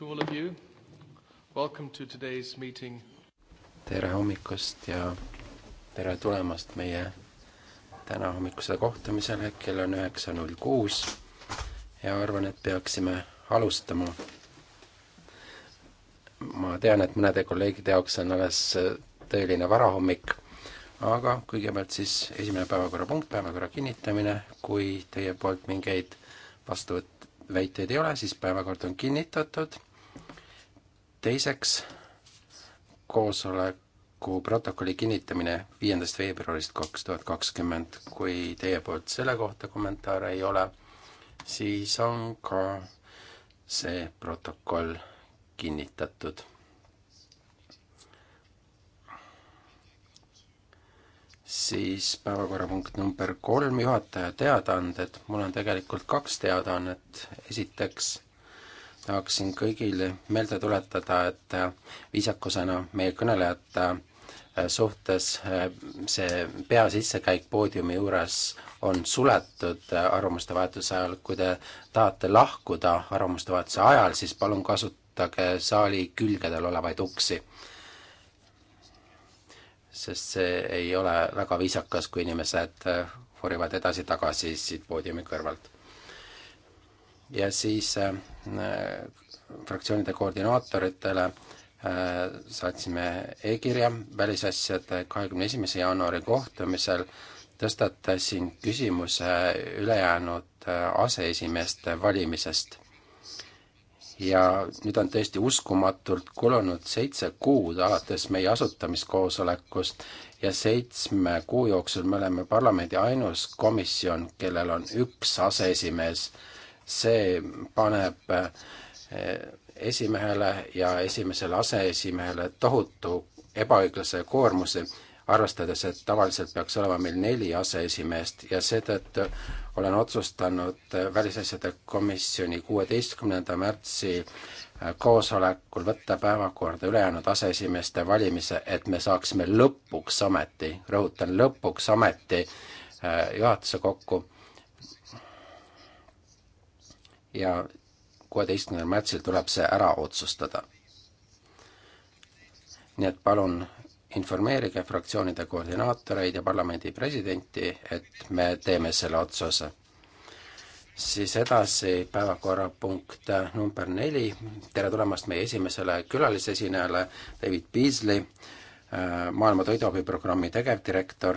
to all of you. Welcome to today's meeting. tere hommikust ja tere tulemast meie tänahommikusele kohtumisele, kell on üheksa null kuus ja arvan, et peaksime alustama. ma tean, et mõnede kolleegide jaoks on alles tõeline varahommik, aga kõigepealt siis esimene päevakorrapunkt, päevakorra kinnitamine, kui teie poolt mingeid vastuvõtt-, väiteid ei ole, siis päevakord on kinnitatud teiseks, koosoleku protokolli kinnitamine viiendast veebruarist kaks tuhat kakskümmend. kui teie poolt selle kohta kommentaare ei ole, siis on ka see protokoll kinnitatud. siis päevakorrapunkt number kolm, juhataja teadaanded. mul on tegelikult kaks teadaannet. esiteks tahaksin kõigile meelde tuletada, et äh, viisakusena meie kõnelejate äh, suhtes äh, see pea sissekäik poodiumi juures on suletud arvamuste vahetuse ajal, kui te tahate lahkuda arvamuste vahetuse ajal, siis palun kasutage saali külgedel olevaid uksi. sest see ei ole väga viisakas, kui inimesed vorivad edasi-tagasi siit poodiumi kõrvalt. ja siis Äh, fraktsioonide koordinaatoritele äh, saatsime e-kirja välisasjade kahekümne esimese jaanuari kohtumisel tõstatasin küsimuse ülejäänud äh, aseesimeeste valimisest. ja nüüd on tõesti uskumatult kulunud seitse kuud alates meie asutamiskoosolekust ja seitsme kuu jooksul me oleme parlamendi ainus komisjon, kellel on üks aseesimees see paneb eh, esimehele ja esimesele aseesimehele tohutu ebaõiglase koormuse, arvestades, et tavaliselt peaks olema meil neli aseesimeest ja seetõttu olen otsustanud eh, Välisasjade Komisjoni kuueteistkümnenda märtsi eh, koosolekul võtta päevakorda ülejäänud aseesimeeste valimise, et me saaksime lõpuks ometi, rõhutan, lõpuks ometi juhatuse kokku ja kuueteistkümnendal märtsil tuleb see ära otsustada. nii et palun informeerige fraktsioonide koordinaatoreid ja parlamendi presidenti, et me teeme selle otsuse. siis edasi päevakorrapunkt number neli, tere tulemast meie esimesele külalisesinejale, David Beasley, Maailma Toiduabiprogrammi tegevdirektor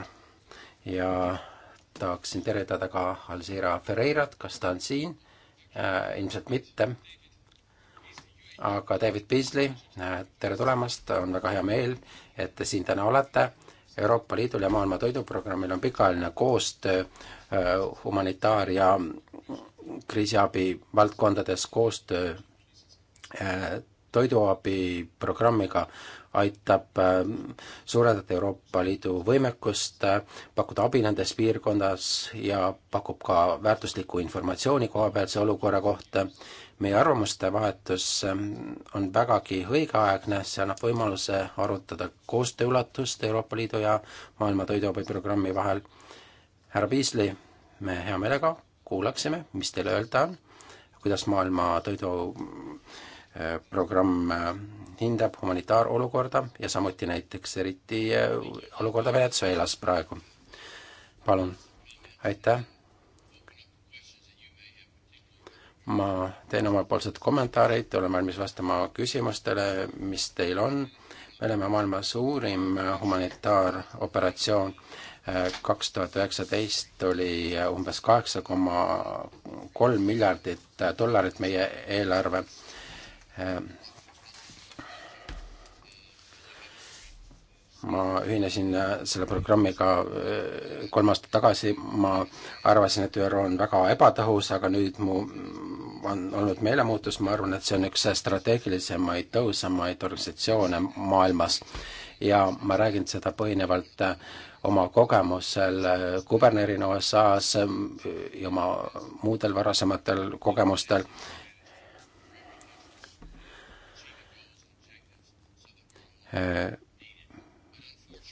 ja tahaksin tervitada ka Alzira Ferreirat, kas ta on siin? Äh, ilmselt mitte, aga David Beasley, äh, tere tulemast, on väga hea meel, et te siin täna olete. Euroopa Liidul ja Maailma Toiduprogrammil on pikaajaline koostöö äh, humanitaar- ja kriisiabi valdkondades koostöö toiduabiprogrammiga aitab ähm, suurendada Euroopa Liidu võimekust, äh, pakkuda abi nendes piirkondas ja pakub ka väärtuslikku informatsiooni kohapealse olukorra kohta. meie arvamuste vahetus ähm, on vägagi õigeaegne, see annab võimaluse arutada koostöö ulatust Euroopa Liidu ja Maailma Toiduabiprogrammi vahel. härra Piisli, me hea meelega kuulaksime, mis teil öelda on, kuidas maailma toidu programm äh, hindab humanitaarolukorda ja samuti näiteks eriti äh, olukorda Venezuelas praegu. palun, aitäh. ma teen omapoolsed kommentaarid, olen valmis vastama küsimustele, mis teil on. me oleme maailma suurim äh, humanitaaroperatsioon kaks tuhat üheksateist oli umbes kaheksa koma kolm miljardit dollarit meie eelarve Äh, ma ühinesin äh, selle programmiga äh, kolm aastat tagasi, ma arvasin, et ÜRO on väga ebatõhus, aga nüüd mu on olnud meelemuutus, ma arvan, et see on üks strateegilisemaid, tõhusamaid organisatsioone maailmas. ja ma räägin seda põhinevalt oma kogemusel kubernerina USA-s ja oma muudel varasematel kogemustel Äh,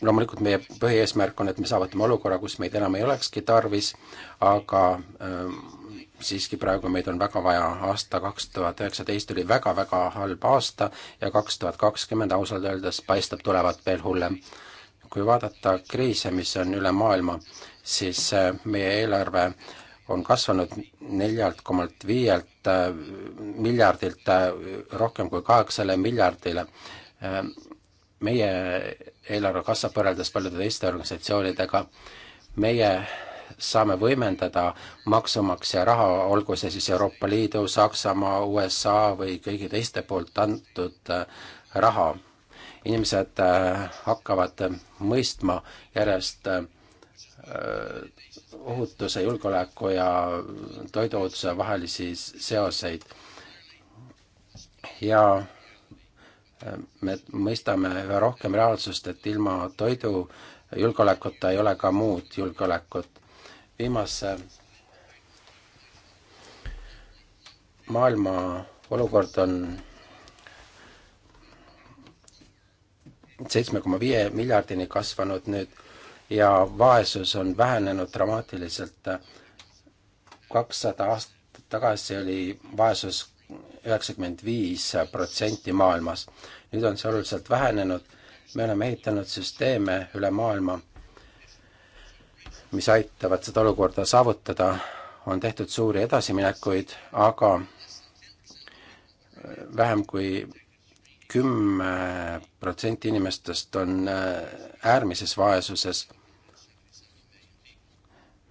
loomulikult meie põhieesmärk on, et me saavutame olukorra, kus meid enam ei olekski tarvis, aga äh, siiski praegu meid on väga vaja, aasta kaks tuhat üheksateist oli väga-väga halb aasta ja kaks tuhat kakskümmend ausalt öeldes paistab tulevat veel hullem. kui vaadata kriise, mis on üle maailma, siis äh, meie eelarve on kasvanud neljalt komalt viielt miljardilt rohkem kui kaheksale miljardile meie eelarve kasvab võrreldes paljude teiste organisatsioonidega, meie saame võimendada maksumaksja raha, olgu see siis Euroopa Liidu, Saksamaa, USA või kõigi teiste poolt antud äh, raha. inimesed äh, hakkavad mõistma järjest äh, ohutuse, julgeoleku ja toiduohutuse vahelisi seoseid ja me mõistame üha rohkem reaalsust, et ilma toidujulgeolekuta ei ole ka muud julgeolekut. viimase maailma olukord on seitsme koma viie miljardini kasvanud nüüd ja vaesus on vähenenud dramaatiliselt. kakssada aastat tagasi oli vaesus üheksakümmend viis protsenti maailmas. nüüd on see oluliselt vähenenud, me oleme ehitanud süsteeme üle maailma, mis aitavad seda olukorda saavutada, on tehtud suuri edasiminekuid, aga vähem kui kümme protsenti inimestest on äh, äärmises vaesuses.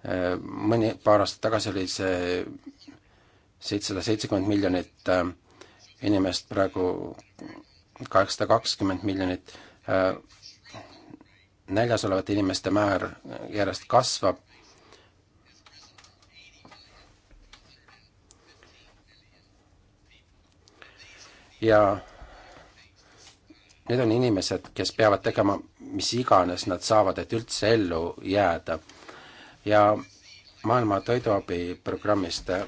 Äh, mõni, paar aastat tagasi oli see seitsesada seitsekümmend miljonit äh, inimest, praegu kaheksasada kakskümmend miljonit. Äh, näljas olevate inimeste määr järjest kasvab. ja need on inimesed, kes peavad tegema mis iganes nad saavad, et üldse ellu jääda. ja maailma toiduabiprogrammist äh,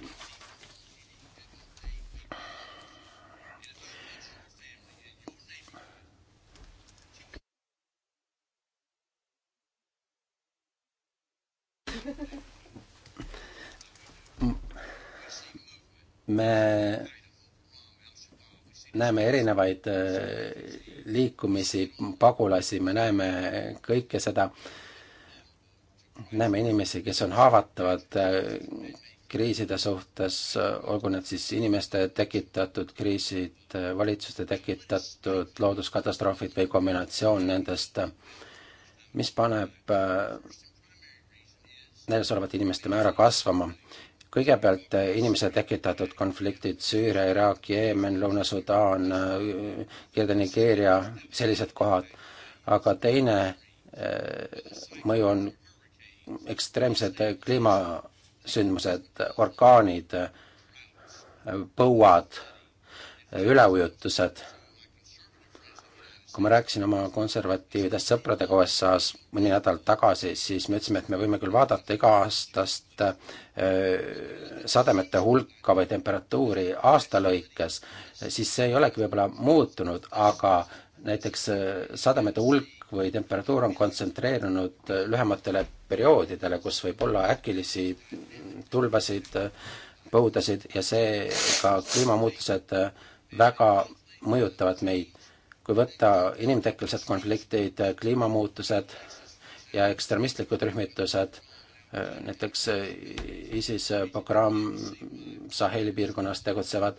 me näeme erinevaid äh, liikumisi, pagulasi, me näeme kõike seda, näeme inimesi, kes on haavatavad äh, kriiside suhtes, äh, olgu need siis inimeste tekitatud kriisid, valitsuste tekitatud looduskatastroofid või kombinatsioon nendest, mis paneb neljas olevate inimeste määra kasvama kõigepealt eh, inimese tekitatud konfliktid, Süüria, Iraak, Jeemen, Lõuna-Sudaan, eh, Nigeeria, sellised kohad, aga teine eh, mõju on ekstreemsed kliimasündmused, orkaanid, põuad, üleujutused kui ma rääkisin oma konservatiividest sõpradega USA-s mõni nädal tagasi, siis me ütlesime, et me võime küll vaadata iga-aastast äh, sademete hulka või temperatuuri aasta lõikes, siis see ei olegi võib-olla muutunud, aga näiteks äh, sademete hulk või temperatuur on kontsentreerunud äh, lühematele perioodidele, kus võib olla äkilisi tulvasid, põudasid ja seega kliimamuutused väga mõjutavad meid kui võtta inimtekkelised konfliktid, kliimamuutused ja ekstremistlikud rühmitused, näiteks ISIS, Boko Haram, Saheli piirkonnas tegutsevad,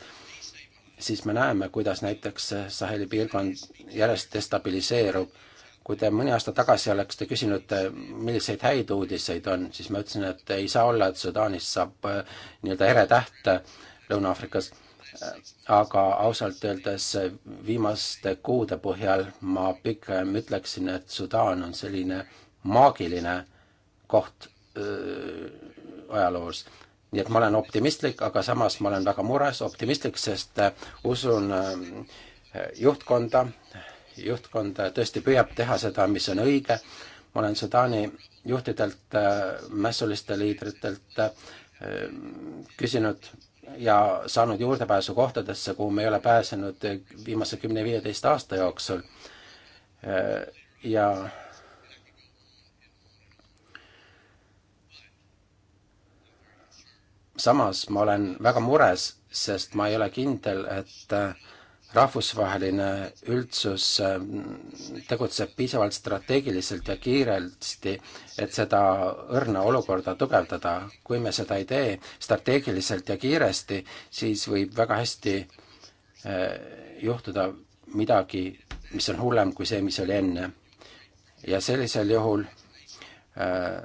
siis me näeme, kuidas näiteks Saheli piirkond järjest destabiliseerub. kui te mõni aasta tagasi oleksite küsinud, milliseid häid uudiseid on, siis ma ütlesin, et ei saa olla, et Sudaanist saab eh, nii-öelda eretäht Lõuna-Aafrikas aga ausalt öeldes viimaste kuude põhjal ma pigem ütleksin, et Sudaan on selline maagiline koht öö, äh, ajaloos. nii et ma olen optimistlik, aga samas ma olen väga mures, optimistlik, sest äh, usun öö, äh, juhtkonda, juhtkond tõesti püüab teha seda, mis on õige, ma olen Sudaani juhtidelt, mässuliste liidritelt öö, küsinud, ja saanud juurdepääsu kohtadesse, kuhu me ei ole pääsenud viimase kümne-viieteist aasta jooksul. ja samas ma olen väga mures, sest ma ei ole kindel, et rahvusvaheline üldsus mm, tegutseb piisavalt strateegiliselt ja kiiresti, et seda õrna olukorda tugevdada. kui me seda ei tee strateegiliselt ja kiiresti, siis võib väga hästi eh, juhtuda midagi, mis on hullem kui see, mis oli enne. ja sellisel juhul eh,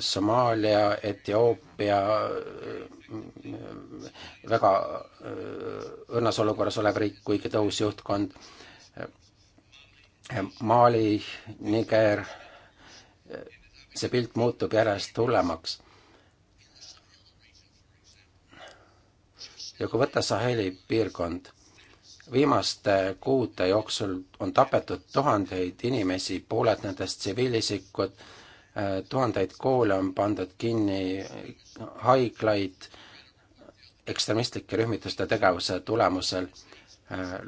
Somaalia, Etioopia, väga äh, õrnas olukorras olev riik, kuigi tõus juhtkond, Mali, Niger, see pilt muutub järjest hullemaks. ja kui võtta Saheli piirkond, viimaste kuude jooksul on tapetud tuhandeid inimesi, pooled nendest tsiviilisikud, tuhandeid koole on pandud kinni, haiglaid ekstremistlike rühmituste tegevuse tulemusel.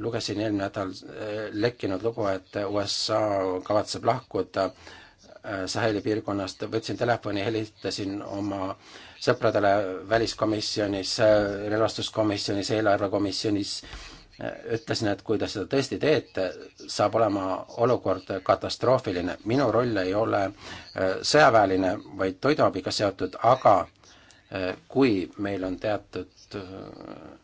lugesin eelmine nädal lekkinud lugu, et USA kavatseb lahkuda äh, Saheli piirkonnast, võtsin telefoni, helistasin oma sõpradele väliskomisjonis, äh, relvastuskomisjonis, eelarvekomisjonis ütlesin, et kui te seda tõesti teete, saab olema olukord katastroofiline. minu roll ei ole äh, sõjaväeline, vaid toiduabiga seotud, aga äh, kui meil on teatud, äh,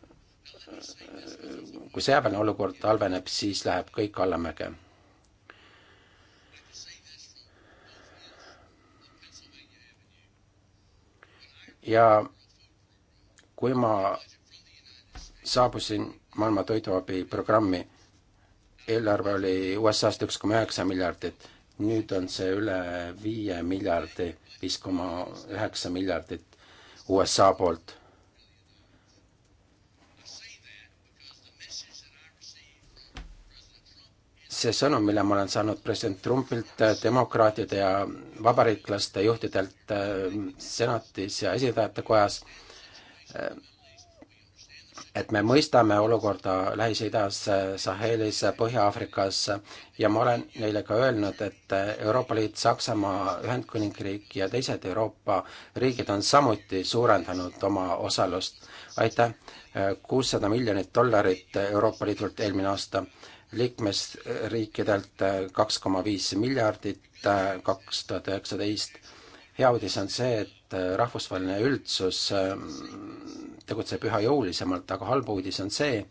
kui sõjaväeline olukord halveneb, siis läheb kõik allamäge. ja kui ma saabusin maailma toiduabi programmi, eelarve oli USA-st üks koma üheksa miljardit, nüüd on see üle viie miljardi, viis koma üheksa miljardit USA poolt see sõnum, mille ma olen saanud president Trumpilt, demokraatide ja vabariiklaste juhtidelt äh, senatis ja esindajate kojas, äh, et me mõistame olukorda Lähis-Idas, Sahelis, Põhja-Aafrikas ja ma olen neile ka öelnud, et Euroopa Liit, Saksamaa, Ühendkuningriik ja teised Euroopa riigid on samuti suurendanud oma osalust. aitäh, kuussada miljonit dollarit Euroopa Liidult eelmine aasta, liikmesriikidelt kaks koma viis miljardit kaks tuhat üheksateist. hea uudis on see, et rahvusvaheline üldsus tegutseb üha jõulisemalt, aga halb uudis on see,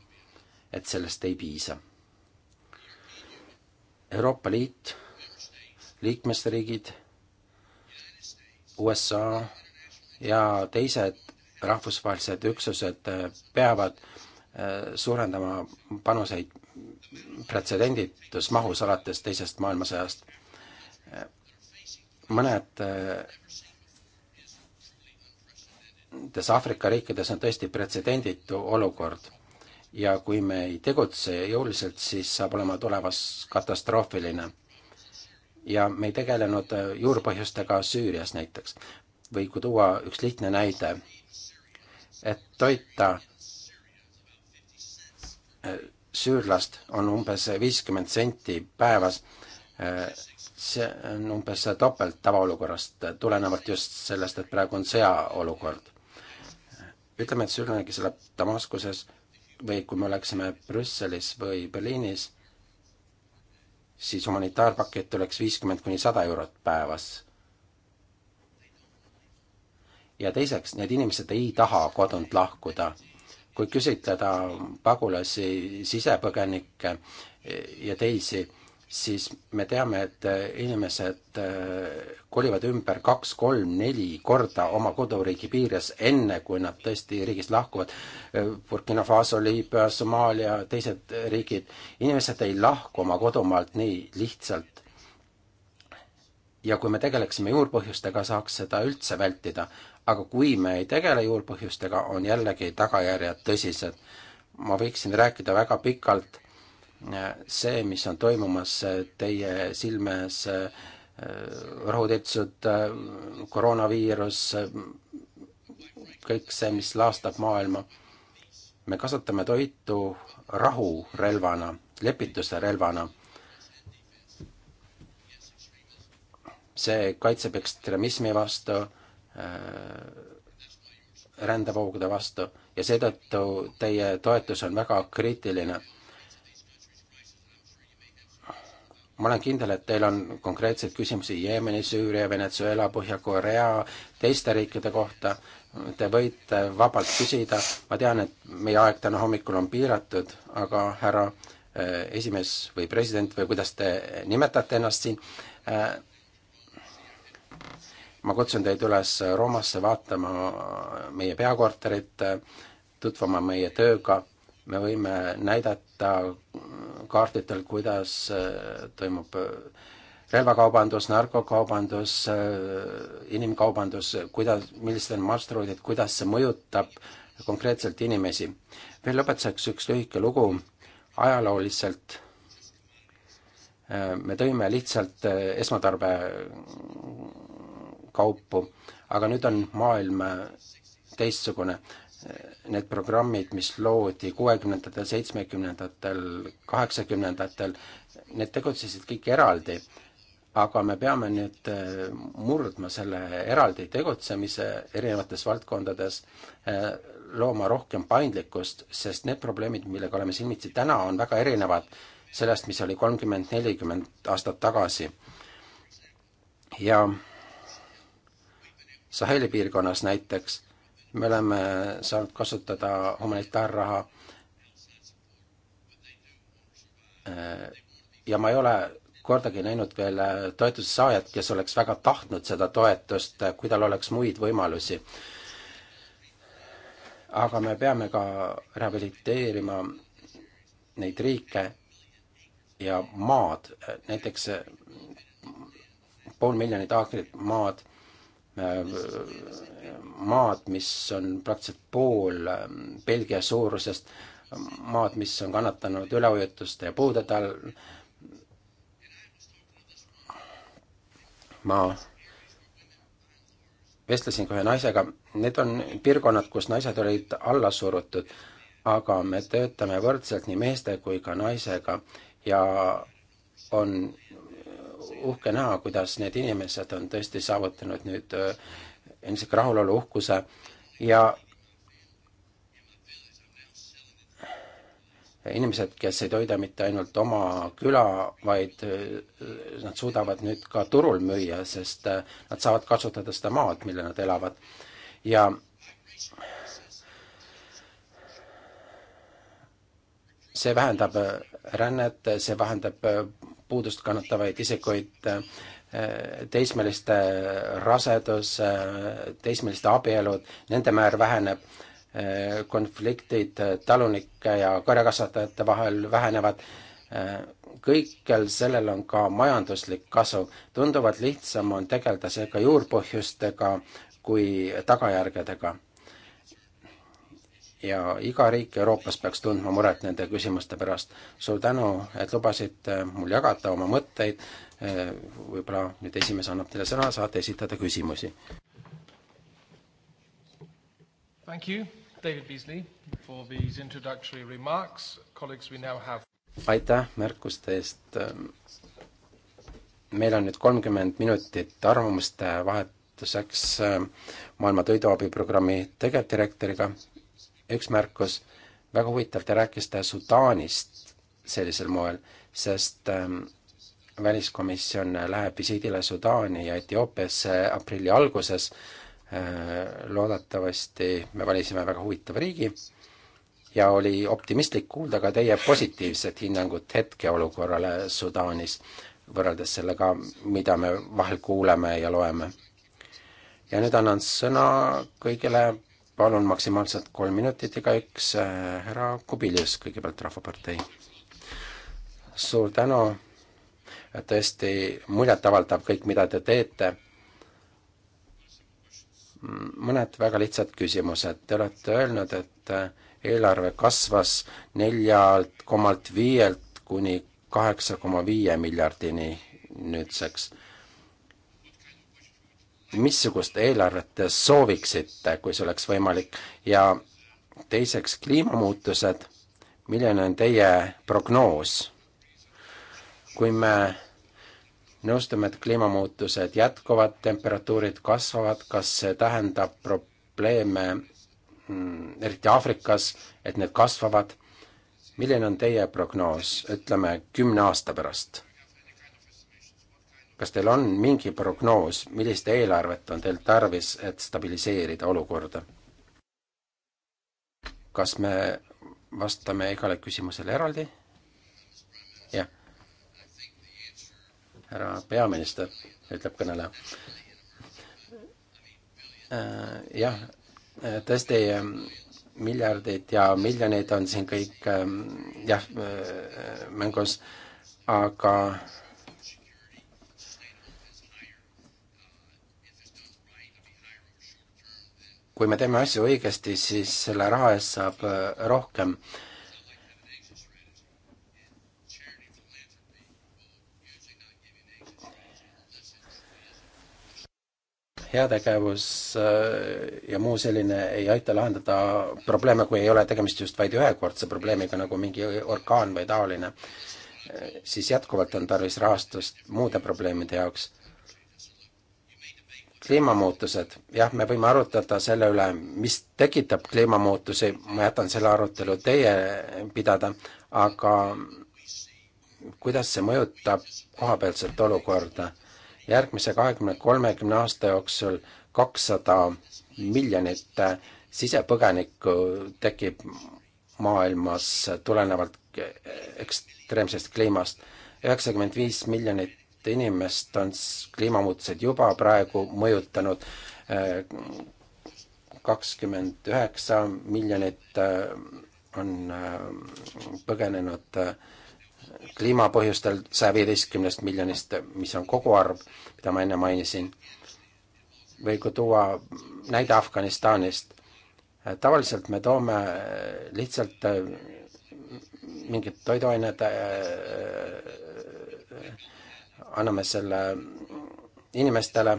et sellest ei piisa. Euroopa Liit, liikmesriigid, USA ja teised rahvusvahelised üksused äh, peavad äh, suurendama panuseid pretsedenditus mahus alates Teisest maailmasõjast. Äh, mõned nendes Aafrika riikides on tõesti pretsedenditu olukord ja kui me ei tegutse jõuliselt, siis saab olema tulevas katastroofiline. ja me ei tegelenud juurpõhjustega Süürias näiteks. või kui tuua üks lihtne näide, et toita äh, süürlast on umbes viiskümmend senti päevas, äh, see on umbes topelt tavaolukorrast, äh, tulenevalt just sellest, et praegu on sõjaolukord ütleme, et süürianlane, kes elab Damaskuses või kui me oleksime Brüsselis või Berliinis, siis humanitaarpakett oleks viiskümmend kuni sada eurot päevas. ja teiseks, need inimesed ei taha kodunt lahkuda. kui küsitleda pagulasi, sisepõgenikke ja teisi, siis me teame, et äh, inimesed äh, kolivad ümber kaks, kolm, neli korda oma koduriigi piires, enne kui nad tõesti riigist lahkuvad. Äh, Burkina Faso, Liibüa, Somaalia, teised riigid, inimesed ei lahku oma kodumaalt nii lihtsalt. ja kui me tegeleksime juurpõhjustega, saaks seda üldse vältida. aga kui me ei tegele juurpõhjustega, on jällegi tagajärjed tõsised. ma võiksin rääkida väga pikalt see, mis on toimumas teie silmes, äh, rohutirtsud, äh, koroonaviirus, äh, kõik see, mis laastab maailma. me kasutame toitu rahurelvana, lepituse relvana. see kaitseb ekstremismi vastu, rändevoogude vastu ja seetõttu teie toetus on väga kriitiline ma olen kindel, et teil on konkreetseid küsimusi Jeemeni, Süüria, Venezuela, Põhja-Korea, teiste riikide kohta, te võite vabalt küsida, ma tean, et meie aeg täna hommikul on piiratud, aga härra eh, esimees või president või kuidas te nimetate ennast siin, eh, ma kutsun teid üles Roomasse vaatama meie peakorterit, eh, tutvuma meie tööga me võime näidata kaarditel, kuidas äh, toimub äh, relvakaubandus, narkokaubandus, äh, inimkaubandus, kuidas, millised on marsruudid, kuidas see mõjutab konkreetselt inimesi. veel lõpetuseks üks lühike lugu, ajalooliselt me tõime lihtsalt esmatarbekaupu, aga nüüd on maailm teistsugune need programmid, mis loodi kuuekümnendatel, seitsmekümnendatel, kaheksakümnendatel, need tegutsesid kõik eraldi. aga me peame nüüd äh, murdma selle eraldi tegutsemise erinevates valdkondades, äh, looma rohkem paindlikkust, sest need probleemid, millega oleme silmitsi täna, on väga erinevad sellest, mis oli kolmkümmend, nelikümmend aastat tagasi. ja Saheli piirkonnas näiteks me oleme saanud kasutada humanitaarraha äh, ja ma ei ole kordagi näinud veel äh, toetuse saajat, kes oleks väga tahtnud seda toetust, äh, kui tal oleks muid võimalusi. aga me peame ka rehabiliteerima neid riike ja maad, näiteks pool miljonit aakrit maad Äh, maad, mis on praktiliselt pool äh, Belgia suurusest, maad, mis on kannatanud üleujutuste ja puudede all. ma vestlesin ka ühe naisega, need on piirkonnad, kus naised olid alla surutud, aga me töötame võrdselt nii meeste kui ka naisega ja on uhke näha, kuidas need inimesed on tõesti saavutanud nüüd äh, endiselt rahulolu uhkuse ja inimesed, kes ei toida mitte ainult oma küla, vaid äh, nad suudavad nüüd ka turul müüa, sest äh, nad saavad kasutada seda maad, millel nad elavad. ja see vähendab rännet, see vähendab puudust kannatavaid isikuid, äh, teismeliste rasedus, äh, teismeliste abielud, nende määr väheneb, äh, konfliktid talunike ja karjakasvatajate vahel vähenevad, kõikjal sellel on ka majanduslik kasu. tunduvalt lihtsam on tegeleda seega juurpõhjustega kui tagajärgedega ja iga riik Euroopas peaks tundma muret nende küsimuste pärast. suur tänu, et lubasite mul jagada oma mõtteid, võib-olla nüüd esimees annab teile sõna, saate esitada küsimusi. Thank you, David Beasley, for these introductory remarks, colleagues we now have aitäh märkuste eest, meil on nüüd kolmkümmend minutit arvamuste vahetuseks äh, Maailma Toiduabiprogrammi tegevdirektoriga üks märkus, väga huvitav, te rääkisite Sudaanist sellisel moel, sest ähm, väliskomisjon läheb visiidile Sudaani ja Etioopiasse aprilli alguses. Äh, loodetavasti me valisime väga huvitava riigi ja oli optimistlik kuulda ka teie positiivset hinnangut hetkeolukorrale Sudaanis, võrreldes sellega, mida me vahel kuuleme ja loeme. ja nüüd annan sõna kõigile palun maksimaalselt kolm minutit igaüks, äh, härra Kubilius kõigepealt Rahvapartei. suur tänu, tõesti muljetavaldav kõik, mida te teete. mõned väga lihtsad küsimused, te olete öelnud, et äh, eelarve kasvas neljalt komalt viielt kuni kaheksa koma viie miljardini nüüdseks missugust eelarvet te sooviksite, kui see oleks võimalik, ja teiseks kliimamuutused, milline on teie prognoos? kui me nõustume, et kliimamuutused jätkuvad, temperatuurid kasvavad, kas see tähendab probleeme mm, eriti Aafrikas, et need kasvavad, milline on teie prognoos, ütleme kümne aasta pärast? kas teil on mingi prognoos, millist eelarvet on teil tarvis, et stabiliseerida olukorda? kas me vastame igale küsimusele eraldi? jah. härra peaminister, ütleb kõneleja. Äh, jah, tõesti, ähm, miljardid ja miljonid on siin kõik ähm, jah, äh, mängus, aga äh, kui me teeme asju õigesti, siis selle raha eest saab äh, rohkem. heategevus äh, ja muu selline ei aita lahendada probleeme, kui ei ole tegemist just vaid ühekordse probleemiga, nagu mingi orkaan või taoline, äh, siis jätkuvalt on tarvis rahastust muude probleemide jaoks kliimamuutused, jah, me võime arutleda selle üle, mis tekitab kliimamuutusi, ma jätan selle arutelu teie pidada, aga kuidas see mõjutab kohapealset olukorda? järgmise kahekümne, kolmekümne aasta jooksul kakssada miljonit sisepõgenikku tekib maailmas tulenevalt ekstreemsest kliimast, üheksakümmend viis miljonit miljonit inimest on kliimamuutused juba praegu mõjutanud, äh, kakskümmend üheksa miljonit äh, on äh, põgenenud kliimapõhjustel saja viieteistkümnest miljonist, mis on koguarv, mida ma enne mainisin, või kui tuua näide Afganistanist, tavaliselt me toome lihtsalt mingid toiduained, anname selle inimestele.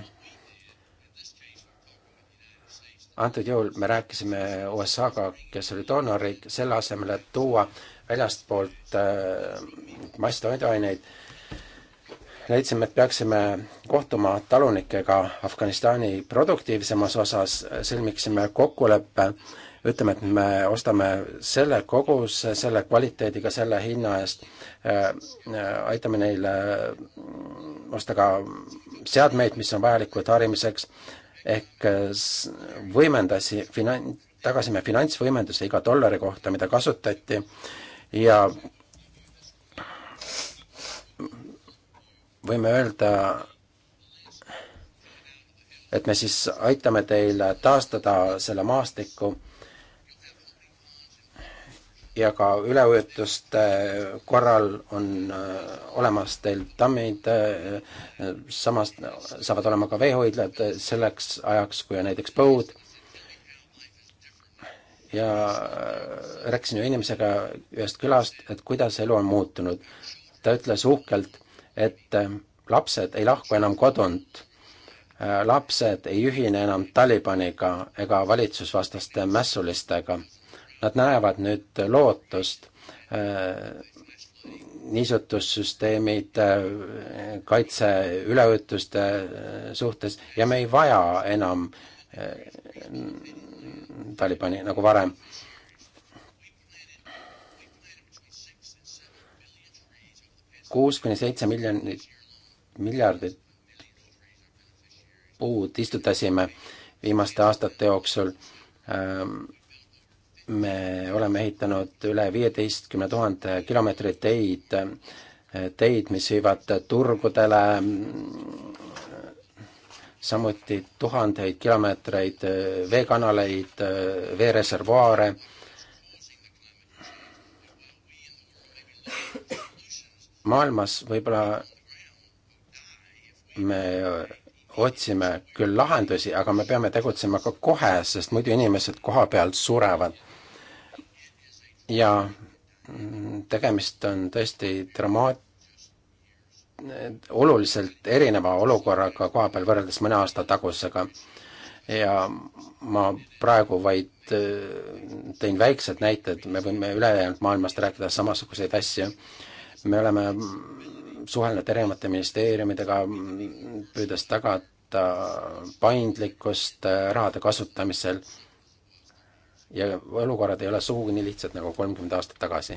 antud juhul me rääkisime USA-ga, kes oli doonorriik, selle asemel, et tuua väljastpoolt äh, masstoiduaineid, leidsime, et peaksime kohtuma talunikega Afganistani produktiivsemas osas, sõlmiksime kokkuleppe, ütleme, et me ostame selle koguse, selle kvaliteediga, selle hinna eest Äh, äh, aitame neil äh, osta ka seadmeid, mis on vajalikud harimiseks, ehk võimendasi finan-, tagasime finantsvõimenduse iga dollari kohta, mida kasutati ja võime öelda, et me siis aitame teil taastada selle maastiku, ja ka üleujutuste korral on äh, olemas teil tammid, äh, samas saavad olema ka veehoidlad selleks ajaks, kui on näiteks põud. ja äh, rääkisin ju inimesega ühest külast, et kuidas elu on muutunud. ta ütles uhkelt, et lapsed ei lahku enam kodunt, lapsed ei ühine enam Talibaniga ega valitsusvastaste mässulistega Nad näevad nüüd lootust äh, niisutussüsteemid äh, kaitse üleujutuste äh, suhtes ja me ei vaja enam Talibani nagu varem. kuus kuni seitse miljonit, miljardit puud istutasime viimaste aastate jooksul ähm, me oleme ehitanud üle viieteistkümne tuhande kilomeetri teid, teid, mis viivad turgudele, samuti tuhandeid kilomeetreid veekanaleid, veereservuaare. maailmas võib-olla me otsime küll lahendusi, aga me peame tegutsema ka kohe, sest muidu inimesed koha peal surevad ja tegemist on tõesti dramaat-, oluliselt erineva olukorraga koha peal võrreldes mõne aasta tagusega. ja ma praegu vaid äh, tõin väiksed näited, me võime ülejäänud maailmast rääkida samasuguseid asju. me oleme suhelnud erinevate ministeeriumidega, püüdes tagada paindlikkust äh, rahade kasutamisel ja olukorrad ei ole sugugi nii lihtsad nagu kolmkümmend aastat tagasi.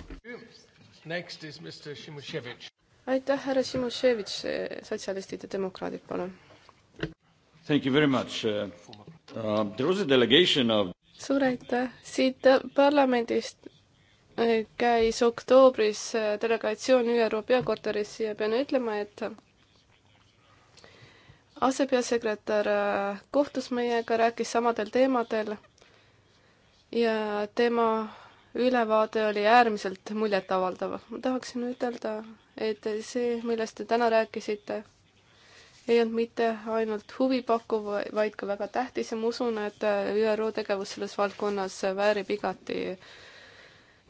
aitäh, härra Šimuševitš, sotsialistid ja demokraadid, palun. Thank you very much uh,. Uh, there was a delegation of suur aitäh, siit parlamendist äh, käis oktoobris äh, delegatsioon ÜRO peakorterisse ja pean ütlema, et asepeasekretär äh, kohtus meiega, rääkis samadel teemadel ja tema ülevaade oli äärmiselt muljetavaldav. ma tahaksin ütelda, et see, millest te täna rääkisite, ei olnud mitte ainult huvipakkuv, vaid ka väga tähtis ja ma usun, et ÜRO tegevus selles valdkonnas väärib igati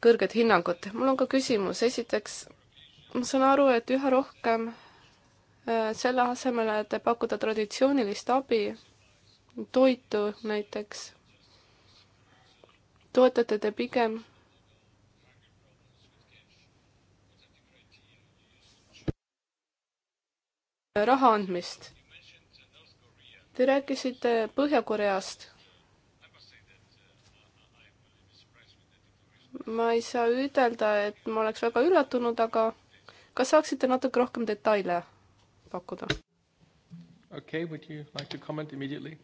kõrget hinnangut. mul on ka küsimus, esiteks ma saan aru, et üha rohkem äh, selle asemel, et pakkuda traditsioonilist abi, toitu näiteks toetate te pigem raha andmist. Te rääkisite Põhja-Koreast. ma ei saa ütelda, et ma oleks väga üllatunud, aga kas saaksite natuke rohkem detaile pakkuda? okei okay,, would you like to comment immediately?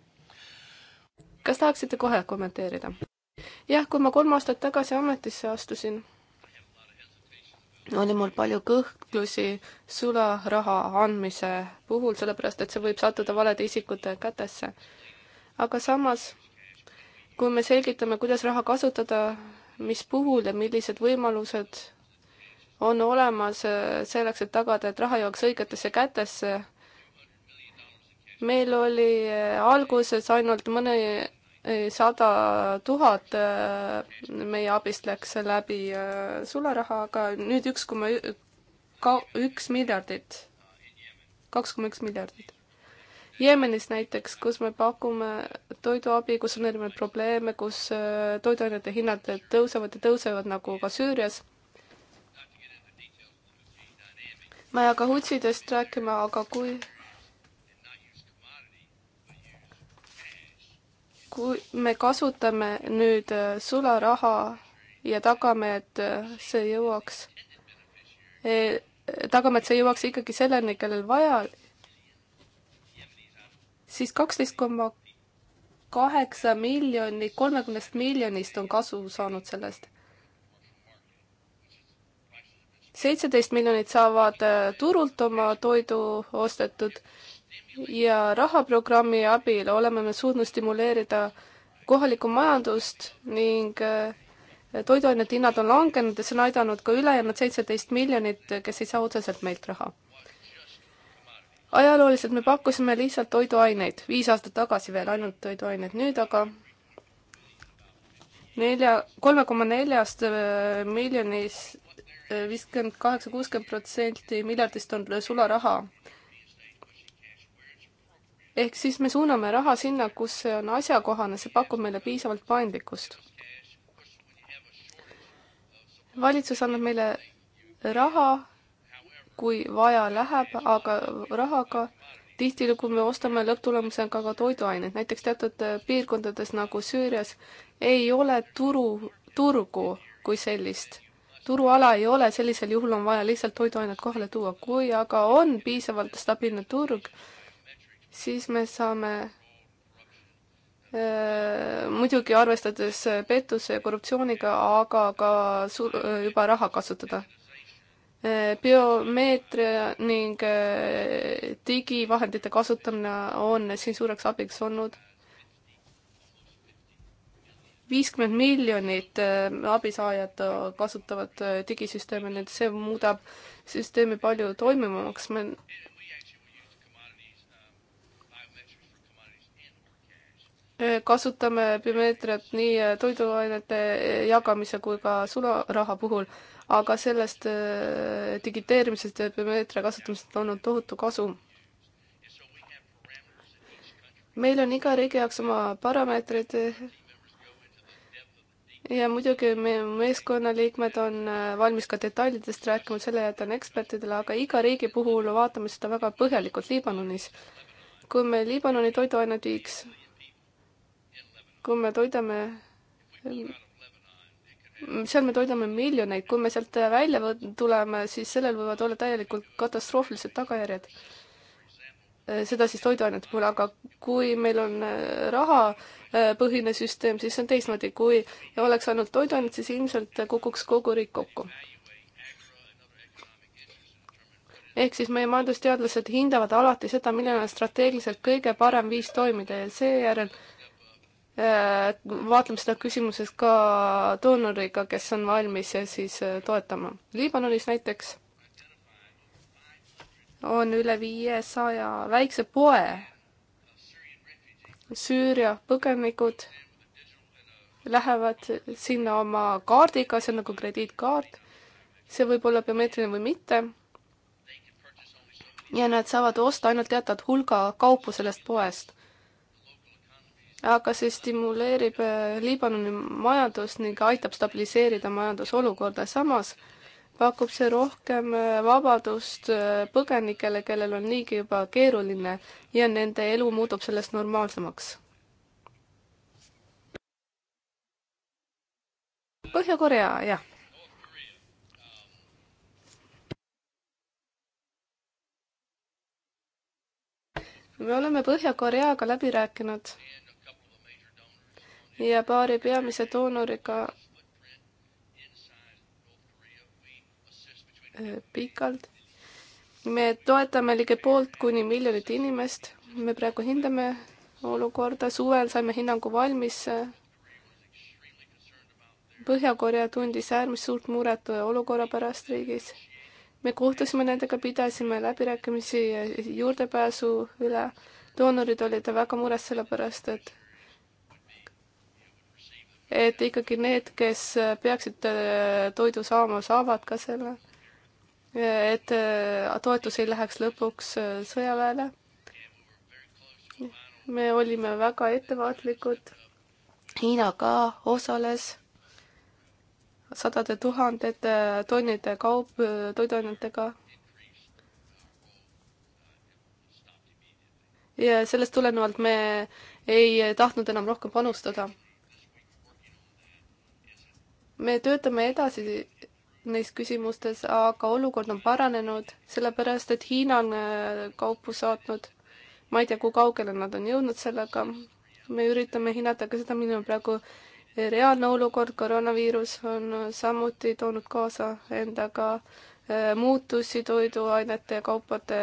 kas tahaksite kohe kommenteerida? jah, kui ma kolm aastat tagasi ametisse astusin, oli mul palju kõhklusi sularaha andmise puhul, sellepärast et see võib sattuda valede isikute kätesse. aga samas, kui me selgitame, kuidas raha kasutada, mis puhul ja millised võimalused on olemas eh, selleks, et tagada, et raha jõuaks õigetesse kätesse. meil oli eh, alguses ainult mõne sada tuhat äh, meie abist läks läbi äh, sularaha, aga nüüd üks koma üks miljardit, kaks koma üks miljardit. Jeemenis näiteks, kus me pakume toiduabi, kus on erinevaid probleeme, kus äh, toiduainete hinnad tõusevad ja tõusevad nagu ka Süürias. ma ei hakka hutsidest rääkima, aga kui kui me kasutame nüüd äh, sularaha ja tagame, et äh, see jõuaks, e, tagame, et see jõuaks ikkagi selleni, kellel vaja, siis kaksteist koma kaheksa miljoni, kolmekümnest miljonist on kasu saanud sellest. seitseteist miljonit saavad äh, turult oma toidu ostetud ja rahaprogrammi abil oleme me suutnud stimuleerida kohalikku majandust ning äh, toiduainete hinnad on langenud ja see on aidanud ka ülejäänud seitseteist miljonit, kes ei saa otseselt meilt raha. ajalooliselt me pakkusime lihtsalt toiduaineid, viis aastat tagasi veel ainult toiduaineid, nüüd aga nelja, kolme koma neljast äh, miljonist äh, viiskümmend kaheksa, kuuskümmend protsenti miljardist on sularaha ehk siis me suuname raha sinna, kus see on asjakohane, see pakub meile piisavalt paindlikkust. valitsus annab meile raha, kui vaja läheb, aga rahaga tihtilugu me ostame lõpptulemusega ka, ka toiduaineid, näiteks teatud piirkondades nagu Süürias ei ole turu, turgu kui sellist. turuala ei ole, sellisel juhul on vaja lihtsalt toiduained kohale tuua, kui aga on piisavalt stabiilne turg, siis me saame muidugi arvestades pettuse ja korruptsiooniga, aga ka sur-, juba raha kasutada. biomeetria ning digivahendite kasutamine on siin suureks abiks olnud. viiskümmend miljonit abisaajat kasutavad digisüsteeme, nii et see muudab süsteemi palju toimivamaks, me kasutame biomeetriat nii äh, toiduainete äh, jagamise kui ka sularaha puhul, aga sellest äh, digiteerimisest ja biomeetria kasutamisest on olnud tohutu kasu. meil on iga riigi jaoks oma parameetrid. ja muidugi meie meeskonnaliikmed on valmis ka detailidest rääkima, selle jätan ekspertidele, aga iga riigi puhul vaatame seda väga põhjalikult Liibanonis. kui me Liibanoni toiduained viiks kui me toidame, seal me toidame miljoneid, kui me sealt välja tuleme, siis sellel võivad olla täielikult katastroofilised tagajärjed. seda siis toiduainete puhul, aga kui meil on äh, rahapõhine süsteem, siis see on teistmoodi, kui oleks ainult toiduained, siis ilmselt kukuks kogu riik kokku ehk siis meie majandusteadlased hindavad alati seda, milline on strateegiliselt kõige parem viis toimida ja seejärel Äh, vaatleme seda küsimuses ka doonoriga, kes on valmis siis äh, toetama. Liibanonis näiteks on üle viiesaja väikse poe Süüria põgenikud lähevad sinna oma kaardiga, see on nagu krediitkaart, see võib olla biomeetriline või mitte. ja nad saavad osta ainult teatavat hulga kaupu sellest poest aga see stimuleerib äh, Liibanoni majandust ning aitab stabiliseerida majandusolukorda, samas pakub see rohkem äh, vabadust äh, põgenikele, kellel on niigi juba keeruline ja nende elu muutub sellest normaalsemaks. Põhja-Korea, jah me oleme Põhja-Koreaga läbi rääkinud ja paari peamise doonoriga äh, pikalt. me toetame ligi poolt kuni miljonit inimest. me praegu hindame olukorda, suvel saime hinnangu valmis. Põhja-Korea tundis äärmiselt suurt muret olukorra pärast riigis. me kohtusime nendega, pidasime läbirääkimisi juurdepääsu üle. doonorid olid väga mures selle pärast, et et ikkagi need, kes peaksid äh, toidu saama, saavad ka selle. et äh, toetus ei läheks lõpuks äh, sõjaväele. me olime väga ettevaatlikud. Hiina ka osales sadade tuhandete tonnide kaup toiduainetega ja sellest tulenevalt me ei tahtnud enam rohkem panustada me töötame edasi neis küsimustes, aga olukord on paranenud, sellepärast et Hiina on äh, kaupu saatnud. ma ei tea, kui kaugele nad on jõudnud sellega. me üritame hinnata ka seda, milline on praegu äh, reaalne olukord, koroonaviirus on äh, samuti toonud kaasa endaga muutusi toiduainete ja kaupade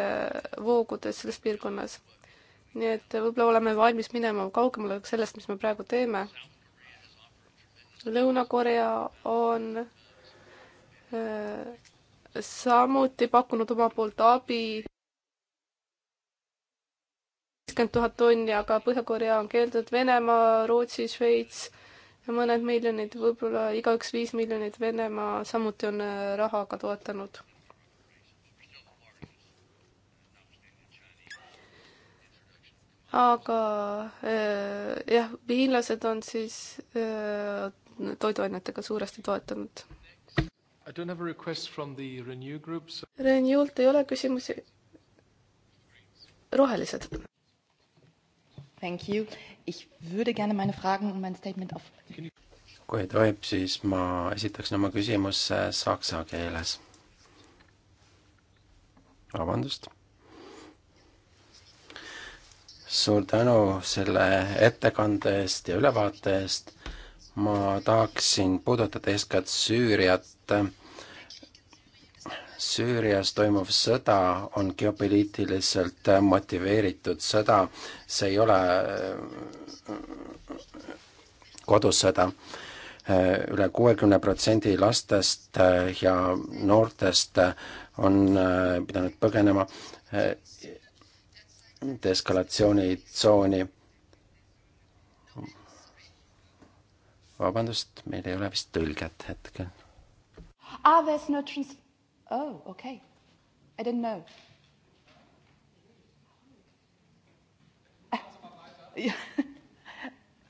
voogudes selles piirkonnas. nii et võib-olla oleme valmis minema kaugemale sellest, mis me praegu teeme Lõuna-Korea on äh, samuti pakkunud oma poolt abi. viiskümmend tuhat tonni, aga Põhja-Korea on keeldunud, Venemaa, Rootsi, Šveits ja mõned miljonid, võib-olla igaüks viis miljonit, Venemaa samuti on äh, rahaga toetanud. aga äh, jah, hiinlased on siis öö, toiduainetega suuresti toetanud. Renewlt ei ole küsimusi. rohelised. Thank you. Ich würde gerne meine Fragen und mein Statement auf kui tohib, siis ma esitaksin oma küsimuse saksa keeles. vabandust. suur tänu selle ettekande eest ja ülevaate eest ma tahaksin puudutada eeskätt Süüriat. Süürias toimuv sõda on geopoliitiliselt motiveeritud sõda, see ei ole äh, kodusõda. Äh, üle kuuekümne protsendi lastest äh, ja noortest on pidanud põgenema deeskalatsioonitsooni vabandust, meil ei ole vist tõlget hetkel. Ah, there's no trans-, oh, okei okay., I didn't know.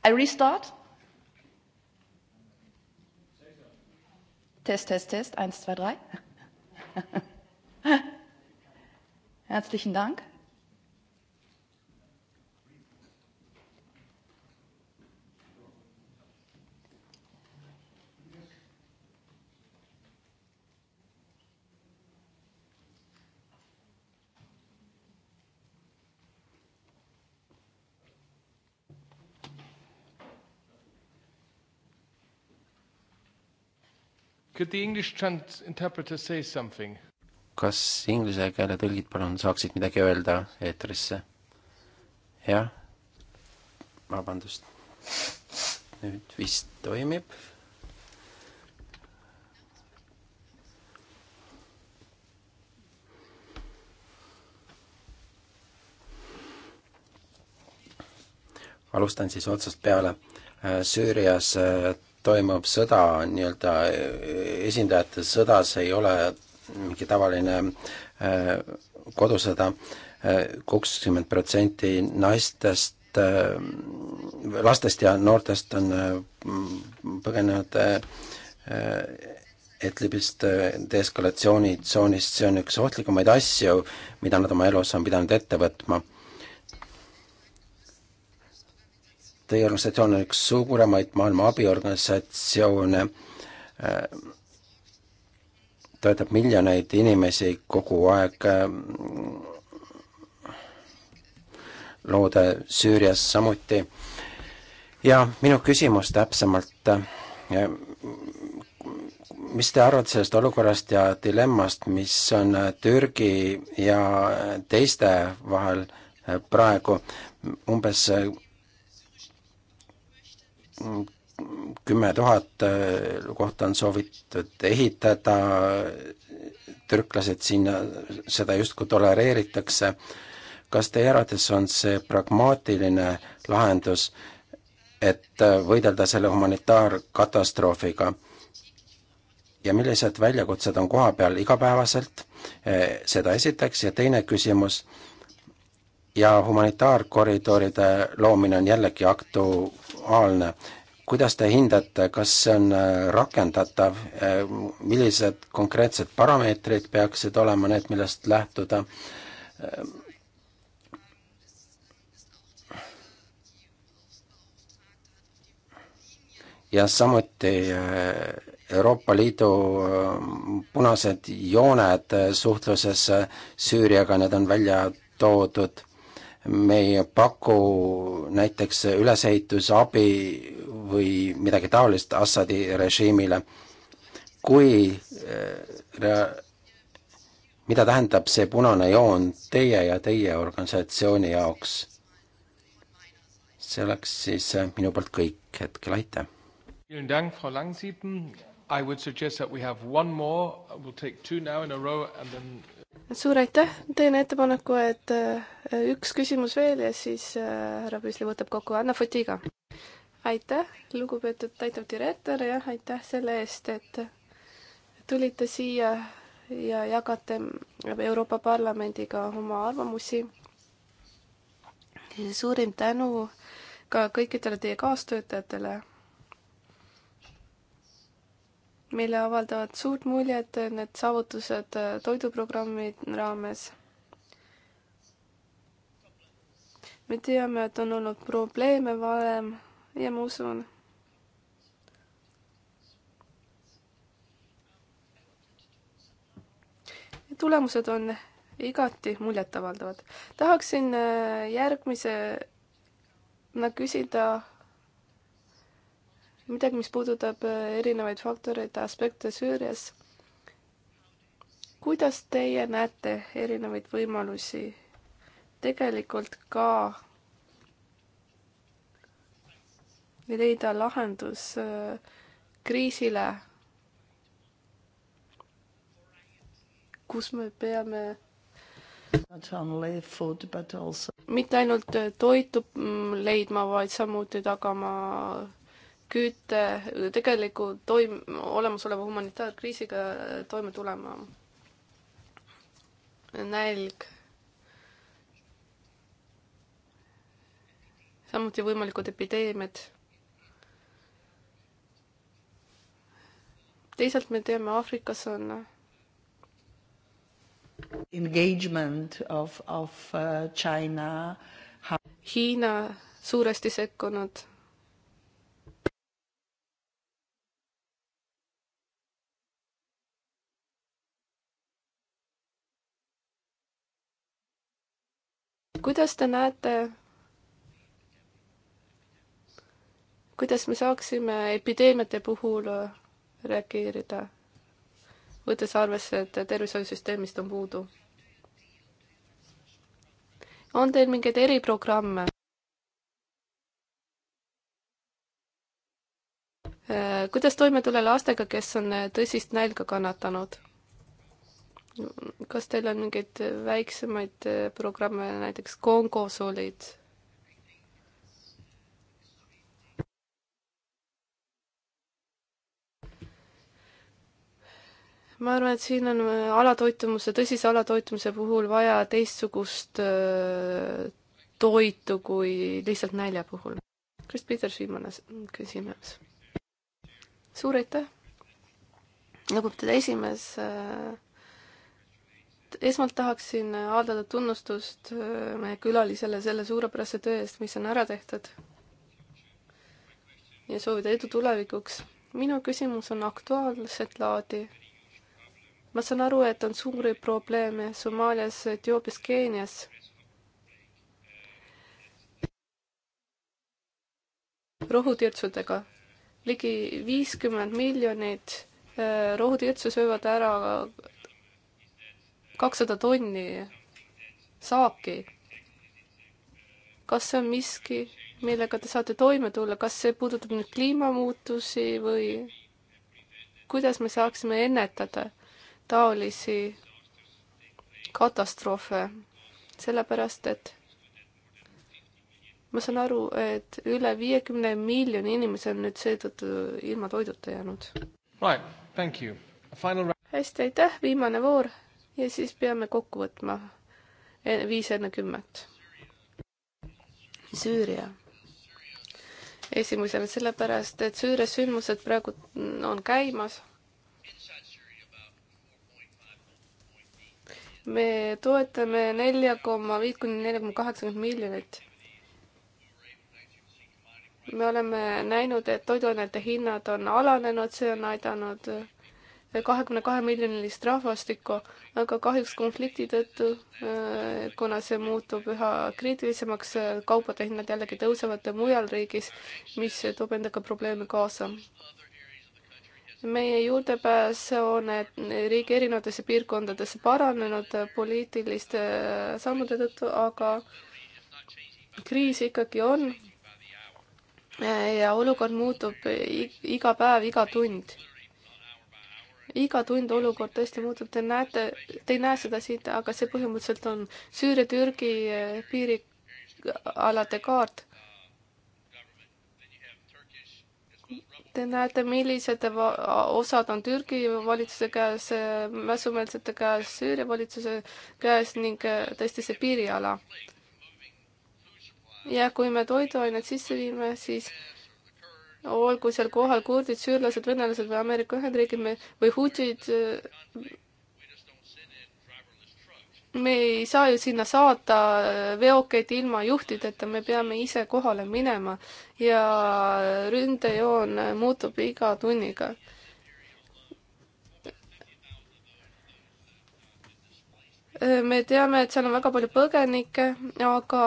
I restart? Test, Test, Test, eins, zwei, drei. Herzlichen Dank. Could the English trans-, interpreter say something? kas inglise keele tõlgid palun saaksid midagi öelda eetrisse? jah, vabandust. nüüd vist toimib. alustan siis otsast peale. Süürias äh, toimub sõda, nii-öelda eh, esindajate sõda, see ei ole mingi tavaline eh, kodusõda, eh, kuuskümmend protsenti naistest, lastest ja noortest on põgenenud Etlibist deeskalatsioonitsoonist, see on üks ohtlikumaid asju, mida nad oma elus on pidanud ette võtma Teie organisatsioon on üks suuremaid maailma abiorganisatsioone, äh, toetab miljoneid inimesi kogu aeg, äh, loode Süürias samuti. ja minu küsimus täpsemalt, äh, mis te arvate sellest olukorrast ja dilemmast, mis on Türgi ja teiste vahel praegu, umbes kümme tuhat äh, kohta on soovitud ehitada, türklased sinna, seda justkui tolereeritakse. kas teie arvates on see pragmaatiline lahendus, et äh, võidelda selle humanitaarkatastroofiga? ja millised väljakutsed on kohapeal igapäevaselt, äh, seda esiteks, ja teine küsimus, ja humanitaarkoridoride loomine on jällegi aktu aktuaalne. kuidas te hindate, kas see on äh, rakendatav, äh, millised konkreetsed parameetrid peaksid olema need, millest lähtuda? ja samuti äh, Euroopa Liidu punased jooned suhtluses Süüriaga, need on välja toodud me ei paku näiteks ülesehitusabi või midagi taolist Assadi režiimile. kui äh, rea-, mida tähendab see punane joon teie ja teie organisatsiooni jaoks? see oleks siis äh, minu poolt kõik hetkel, aitäh! I would suggest that we have one more, we'll take two now in a row and then suur aitäh, teen ettepaneku, et äh, üks küsimus veel ja siis äh, härra Püsli võtab kokku Anna Fotiga. aitäh, lugupeetud täitevdirektor ja aitäh selle eest, et tulite siia ja jagate Euroopa Parlamendiga oma arvamusi. suurim tänu ka kõikidele teie kaastöötajatele meile avaldavad suurt muljet need saavutused äh, toiduprogrammi raames. me teame, et on olnud probleeme varem ja ma usun, tulemused on igati muljetavaldavad. tahaksin äh, järgmisena küsida midagi, mis puudutab äh, erinevaid faktoreid, aspekte Süürias. kuidas teie näete erinevaid võimalusi tegelikult ka leida lahendus äh, kriisile, kus me peame mitte ainult äh, toitu mm, leidma, vaid samuti tagama küte, tegeliku toim-, olemasoleva humanitaarkriisiga toime tulema. nälg. samuti võimalikud epideemiad. teisalt me teame, Aafrikas on engagement of, of uh, China. Hiina suuresti sekkunud kuidas te näete, kuidas me saaksime epideemiate puhul äh, reageerida, võttes arvesse, et tervishoiusüsteemist on puudu? on teil mingeid eriprogramme? Äh, kuidas toime tulla lastega, kes on äh, tõsist nälga kannatanud? kas teil on mingeid väiksemaid äh, programme, näiteks Kongos olid? ma arvan, et siin on äh, alatoitumuse, tõsise alatoitumise puhul vaja teistsugust äh, toitu kui lihtsalt nälja puhul. Krist Peters, viimane küsimus. suur aitäh! lugupeetud nagu esimees äh,, esmalt, esmalt tahaksin avaldada tunnustust äh, meie külalisele selle suurepärase töö eest, mis on ära tehtud. ja soovida edu tulevikuks. minu küsimus on aktuaalset laadi. ma saan aru, et on suuri probleeme Somaalias, Etioopias, Keenias. rohutirtsudega ligi viiskümmend miljonit äh, rohutirtsu söövad ära kakssada tonni saaki. kas see on miski, millega te saate toime tulla, kas see puudutab nüüd kliimamuutusi või kuidas me saaksime ennetada taolisi katastroofe, sellepärast et ma saan aru, et üle viiekümne miljoni inimese on nüüd seetõttu ilma toiduta jäänud. Right, thank you. Final... hästi, aitäh, viimane voor ja siis peame kokku võtma viis enne kümmet. Süüria. esimesena sellepärast, et Süüria sündmused praegu on käimas. me toetame nelja koma viit kuni nelja koma kaheksakümmend miljonit. me oleme näinud, et toiduainete hinnad on alanenud, see on aidanud kahekümne kahe miljonilist rahvastikku, aga kahjuks konflikti tõttu, äh, kuna see muutub üha kriitilisemaks, äh, kaupade hinnad jällegi tõusevad mujal riigis, mis toob endaga probleeme kaasa. meie juurdepääs on riigi erinevatesse piirkondadesse paranenud poliitiliste äh, sammude tõttu, aga kriis ikkagi on ja olukord muutub iga päev, iga tund iga tund olukord tõesti muutub, te näete, te ei näe seda siit, aga see põhimõtteliselt on Süüria-Türgi eh, piirialade kaart. Te näete, millised osad on Türgi valitsuse käes, mässumeelsete käes, Süüria valitsuse käes ning eh, tõesti see piiriala. ja kui me toiduained sisse viime, siis olgu seal kohal kurdid, süürlased, venelased või Ameerika Ühendriigid me, või hutid. Äh, me ei saa ju sinna saata äh, veokeid ilma juhtideta, me peame ise kohale minema ja ründejoon äh, muutub iga tunniga. me teame, et seal on väga palju põgenikke, aga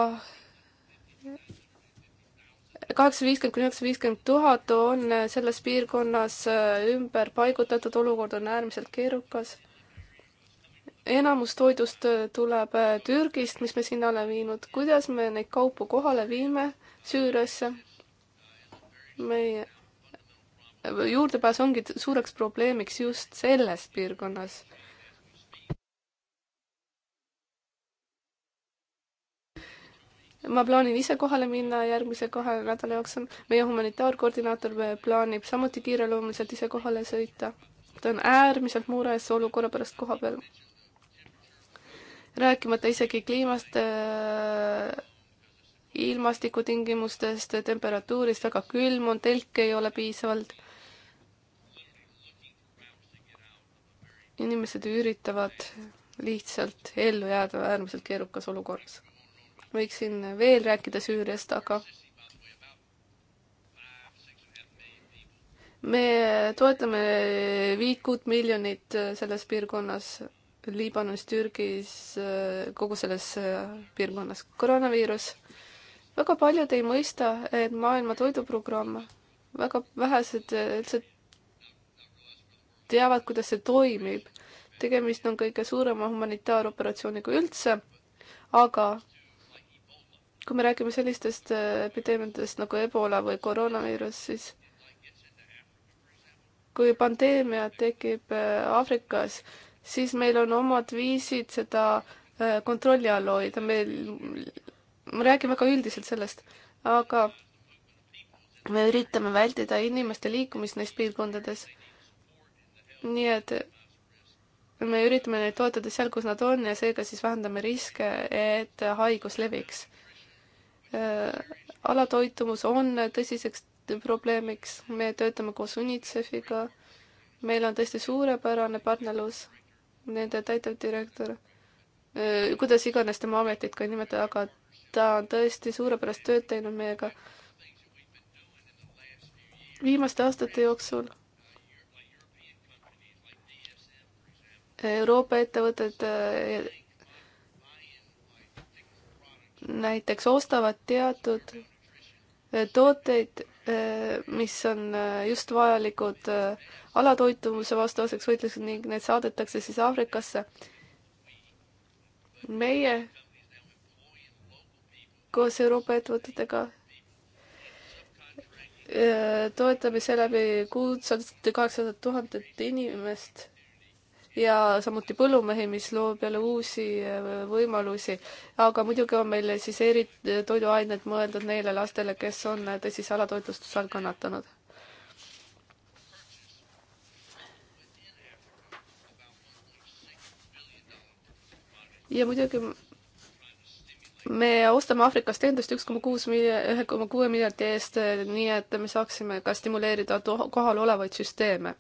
kaheksasada viiskümmend kuni üheksasada viiskümmend tuhat on selles piirkonnas äh, ümber paigutatud, olukord on äärmiselt keerukas. enamus toidust äh, tuleb äh, Türgist, mis me sinna oleme viinud. kuidas me neid kaupu kohale viime Süüriasse? meie juurdepääs ongi suureks probleemiks just selles piirkonnas ma plaanin ise kohale minna järgmise kahe nädala jooksul. meie humanitaarkoordinaator plaanib samuti kiireloomuliselt ise kohale sõita. ta on äärmiselt mures olukorra pärast koha peal. rääkimata isegi kliimast äh,, ilmastikutingimustest, temperatuurist, väga külm on, telke ei ole piisavalt. inimesed üritavad lihtsalt ellu jääda äärmiselt keerukas olukorras võiksin veel rääkida Süüriast, aga me toetame viit kuut miljonit selles piirkonnas, Liibanonis, Türgis, kogu selles piirkonnas. koroonaviirus, väga paljud ei mõista, et Maailma Toiduprogramm, väga vähesed üldse teavad, kuidas see toimib. tegemist on kõige suurema humanitaaroperatsiooniga üldse, aga kui me räägime sellistest äh, epideemiatest nagu ebola või koroonaviirus, siis kui pandeemia tekib äh, Aafrikas, siis meil on omad viisid seda äh, kontrolli all hoida, meil, me räägime väga üldiselt sellest, aga me üritame vältida inimeste liikumist neis piirkondades. nii et me üritame neid toetada seal, kus nad on ja seega siis vähendame riske, et haigus leviks Äh, alatoitumus on tõsiseks probleemiks, me töötame koos UNICEF-iga, meil on tõesti suurepärane partnerlus, nende täitevdirektor, äh, kuidas iganes tema ametit ka ei nimeta, aga ta on tõesti suurepärast tööd teinud meiega viimaste aastate jooksul. Euroopa ettevõtted äh, näiteks ostavad teatud eh, tooteid, eh, mis on eh, just vajalikud alatoitumuse vastaseks võitluseks ning need saadetakse siis Aafrikasse. meie koos Euroopa ettevõtetega toetame seeläbi kuutsadat ja kaheksasadat tuhandet inimest ja samuti põllumehi, mis loob jälle uusi äh, võimalusi. aga muidugi on meil siis eritoiduained äh, mõeldud neile lastele, kes on äh, tõsise alatoitlustuse all kannatanud. ja muidugi me ostame Aafrikast endast üks koma kuus miljonit, ühe koma kuue miljardi eest, nii et me saaksime ka stimuleerida kohal olevaid süsteeme.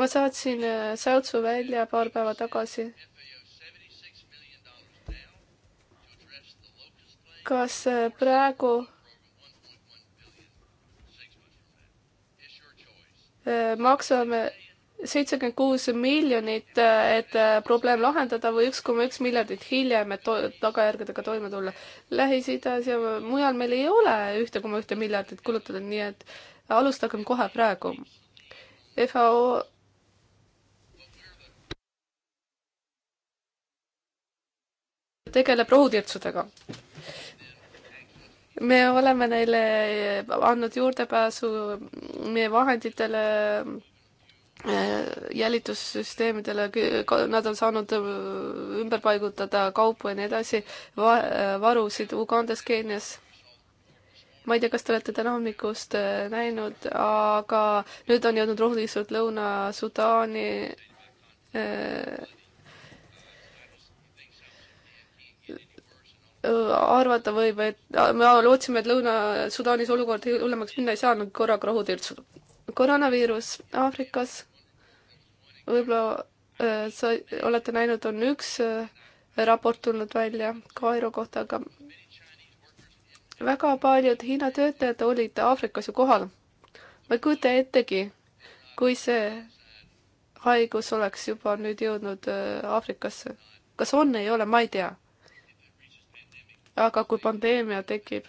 ma saatsin äh, säutsu välja paar päeva tagasi. kas äh, praegu äh, maksame seitsekümmend kuus miljonit, et probleem lahendada või üks koma üks miljardit hiljem, et to tagajärgedega toime tulla. Lähis-Idas ja mujal meil ei ole ühte koma ühte miljardit kulutada, nii et alustagem kohe praegu. FAO tegeleb rohutirtsudega. me oleme neile andnud juurdepääsu meie vahenditele, eh, jälitussüsteemidele, nad on saanud ümber paigutada kaupu ja nii edasi, varusid Ugandas, Keenias ma ei tea, kas te olete täna hommikust eh, näinud, aga nüüd on jõudnud rohuliisud Lõuna-Sudaani äh, Äh, arvata võib, et äh, me lootsime, et Lõuna-Sudaanis olukord hullemaks minna ei saanud, korraga rohu tirtsub. koroonaviirus Aafrikas, võib-olla äh, sa olete näinud, on üks raport tulnud välja Kairo kohta, aga väga paljud Hiina töötajad olid Aafrikas ju kohal. ma ei kujuta ettegi, kui see haigus oleks juba nüüd jõudnud Aafrikasse. kas on, ei ole, ma ei tea aga kui pandeemia tekib,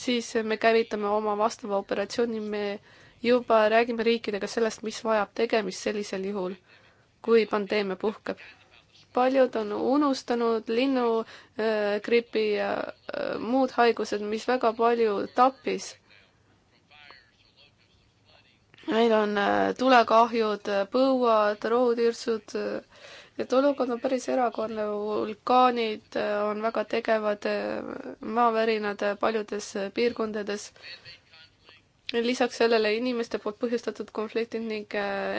siis me käivitame oma vastava operatsiooni, me juba räägime riikidega sellest, mis vajab tegemist sellisel juhul, kui pandeemia puhkeb. paljud on unustanud linnugripi äh, ja äh, muud haigused, mis väga palju tappis. meil on äh, tulekahjud, põuad, rohutürsud, et olukord on päris erakordne, vulkaanid äh, on väga tegevad, äh, maavärinad äh, paljudes piirkondades. lisaks sellele inimeste poolt põhjustatud konfliktid ning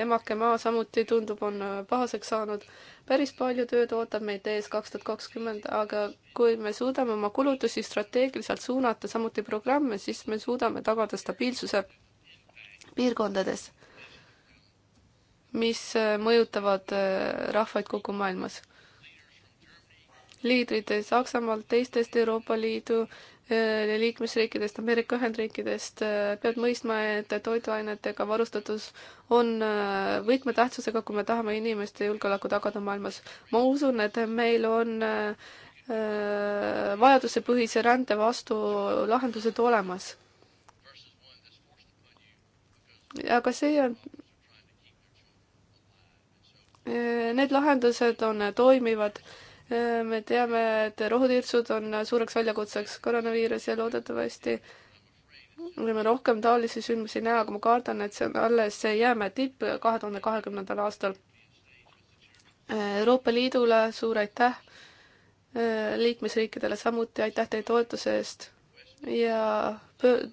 emake maa samuti tundub, on pahaseks saanud. päris palju tööd ootab meid ees kaks tuhat kakskümmend, aga kui me suudame oma kulutusi strateegiliselt suunata, samuti programme, siis me suudame tagada stabiilsuse piirkondades mis äh, mõjutavad äh, rahvaid kogu maailmas. liidrid Saksamaalt, teistest Euroopa Liidu äh, liikmesriikidest, Ameerika Ühendriikidest peavad mõistma, et toiduainetega varustatus on võtmetähtsusega, kui me tahame inimeste julgeoleku tagada maailmas. ma usun, et meil on vajadusepõhise rände vastu lahendused olemas. aga see on Äh, need lahendused on toimivad. Äh, me teame, et rohutirtsud on suureks väljakutseks koroonaviirus ja loodetavasti võime rohkem taolisi sündmusi näha, aga ma kardan, et see on alles jäämäe tipp kahe tuhande kahekümnendal aastal. Äh, Euroopa Liidule suur aitäh, liikmesriikidele samuti aitäh teie toetuse eest ja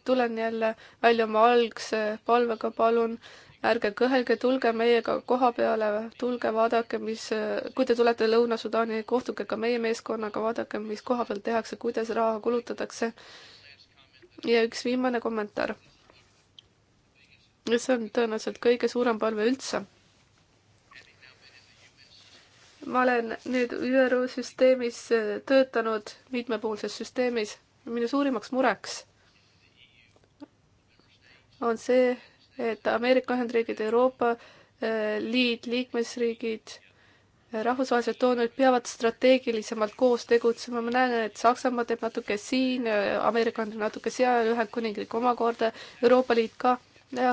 tulen jälle välja oma algse palvega, palun äh, ärge kõhelge, tulge meiega koha peale, tulge vaadake, mis, kui te tulete Lõuna-Sudaani, kohtuge ka meie meeskonnaga, vaadake, mis koha peal tehakse, kuidas raha kulutatakse. ja üks viimane kommentaar. see on tõenäoliselt kõige suurem palve üldse. ma olen nüüd ÜRO süsteemis äh, töötanud, mitmepoolses süsteemis. minu suurimaks mureks on see, et Ameerika Ühendriigid, Euroopa eh, Liit, liikmesriigid, eh, rahvusvahelised doonorid peavad strateegilisemalt koos tegutsema, ma näen, et Saksamaa teeb natuke siin, eh, Ameerika on natuke seal, Ühendkuningriik omakorda, Euroopa Liit ka,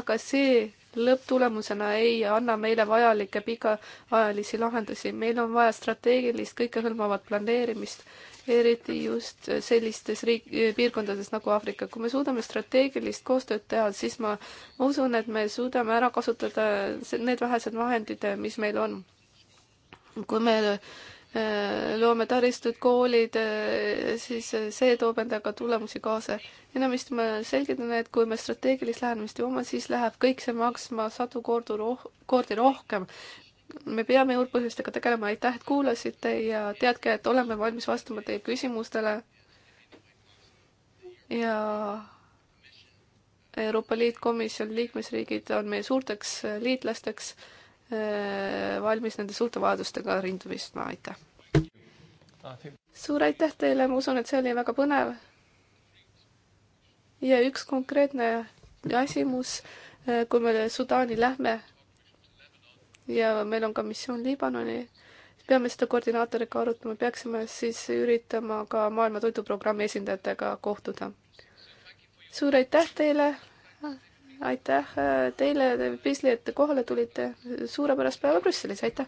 aga see lõpptulemusena ei anna meile vajalikke pikaajalisi lahendusi, meil on vaja strateegilist kõikehõlmavat planeerimist eriti just sellistes riik-, piirkondades nagu Aafrika. kui me suudame strateegilist koostööd teha, siis ma, ma usun, et me suudame ära kasutada need vähesed vahendid, mis meil on. kui me äh, loome taristud, koolid, äh, siis see toob endaga tulemusi kaasa. enamasti ma selgitan, et kui me strateegilist lähenemist ei oma, siis läheb kõik see maksma sadu kordu roh-, kordi rohkem, me peame juurpõhjustega tegelema, aitäh, et kuulasite ja teadke, et oleme valmis vastama teie küsimustele. ja Euroopa Liit, komisjon, liikmesriigid on meie suurteks liitlasteks äh, valmis nende suurte vajadustega rindu pistma, aitäh! suur aitäh teile, ma usun, et see oli väga põnev. ja üks konkreetne asi, mis, äh, kui me Sudaani lähme ja meil on ka missioon Liibanoni. peame seda koordinaatoriga arutama, peaksime siis üritama ka Maailma Toiduprogrammi esindajatega kohtuda. suur aitäh teile! aitäh äh, teile, Piisli, et kohale tulite. suurepärast päeva Brüsselis, aitäh!